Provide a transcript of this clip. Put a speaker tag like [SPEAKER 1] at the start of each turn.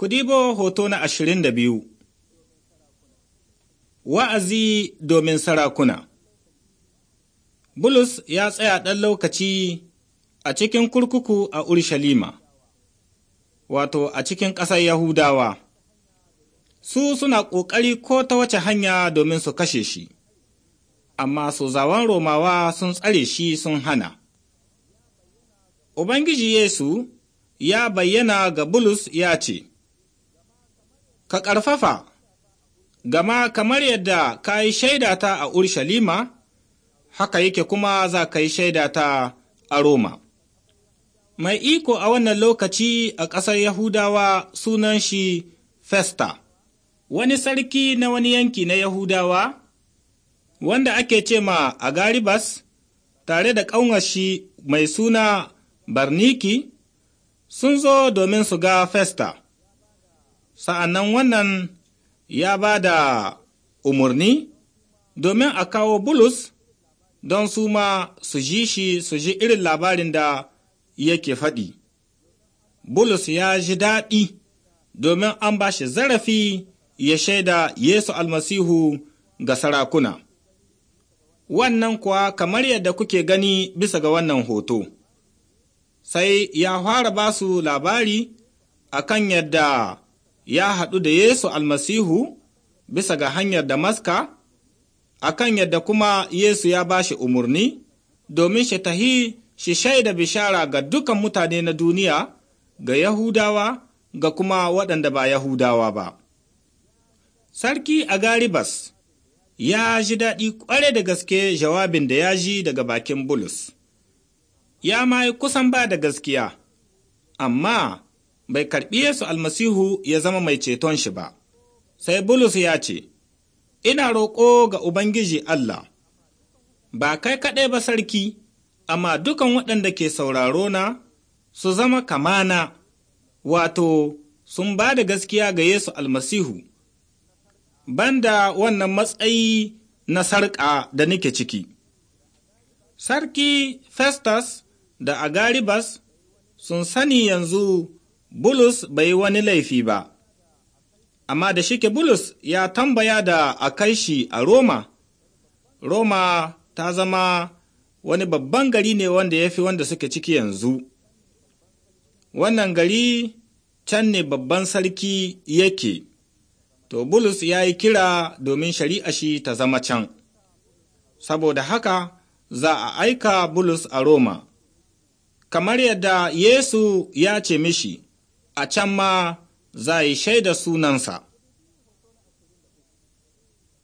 [SPEAKER 1] Kudibo hoto na ashirin da biyu Wa'azi domin sarakuna Bulus ya tsaya ɗan lokaci a cikin kurkuku a Urshalima, wato a cikin ƙasar Yahudawa, su suna ƙoƙari ko ta wace hanya domin su kashe shi, amma su zawan Romawa sun tsare shi sun hana. Ubangiji Yesu ya bayyana ga Bulus ya ce, ka ƙarfafa, gama kamar yadda ka yi shaidata a Urshalima, haka yake kuma za ka yi shaidata a Roma. Mai iko a wannan lokaci a ƙasar Yahudawa sunan shi Festa, wani sarki na wani yanki na Yahudawa, wanda ake ce ma a Garibas, tare da shi mai suna Barniki, sun zo domin su ga Festa. sa'annan wannan ya ba da umarni domin a kawo bulus don su ma su ji shi su ji irin labarin da yake faɗi. Bulus ya ji daɗi domin an ba shi zarafi ya shaida Yesu almasihu ga sarakuna. Wannan kuwa kamar yadda kuke gani bisa ga wannan hoto. Sai ya fara ba su labari a kan yadda ya haɗu da Yesu almasihu bisa ga hanyar Damaska, a kan yadda kuma Yesu ya ba shi umarni, domin shi tahi shi shaida bishara ga dukan mutane na duniya, ga Yahudawa, ga kuma waɗanda ba Yahudawa ba. Sarki Agaribas ya ji daɗi ƙware da gaske jawabin da ya ji daga bakin Bulus. Ya ma yi kusan ba da gaskiya, amma bai karɓi Yesu almasihu ya zama mai ceton shi ba. Sai Bulus ya ce, Ina roƙo ga Ubangiji Allah, ba kai kaɗai ba sarki, amma dukan waɗanda ke sauraro na su zama kamana, wato, sun ba da gaskiya ga Yesu almasihu, banda wannan matsayi na sarƙa da nake ciki. Sarki Festus da Agaribas sun sani yanzu Bulus bai yi wani laifi ba, amma da shike Bulus ya tambaya da a kai shi a Roma, Roma ta zama wani babban gari ne wanda ya fi wanda suke ciki yanzu. Wannan gari can ne babban sarki yake, to Bulus ya yi kira domin shari'a shi ta zama can, saboda haka za a aika Bulus a Roma, kamar yadda Yesu ya ce mishi. a can ma za yi shaida sunansa.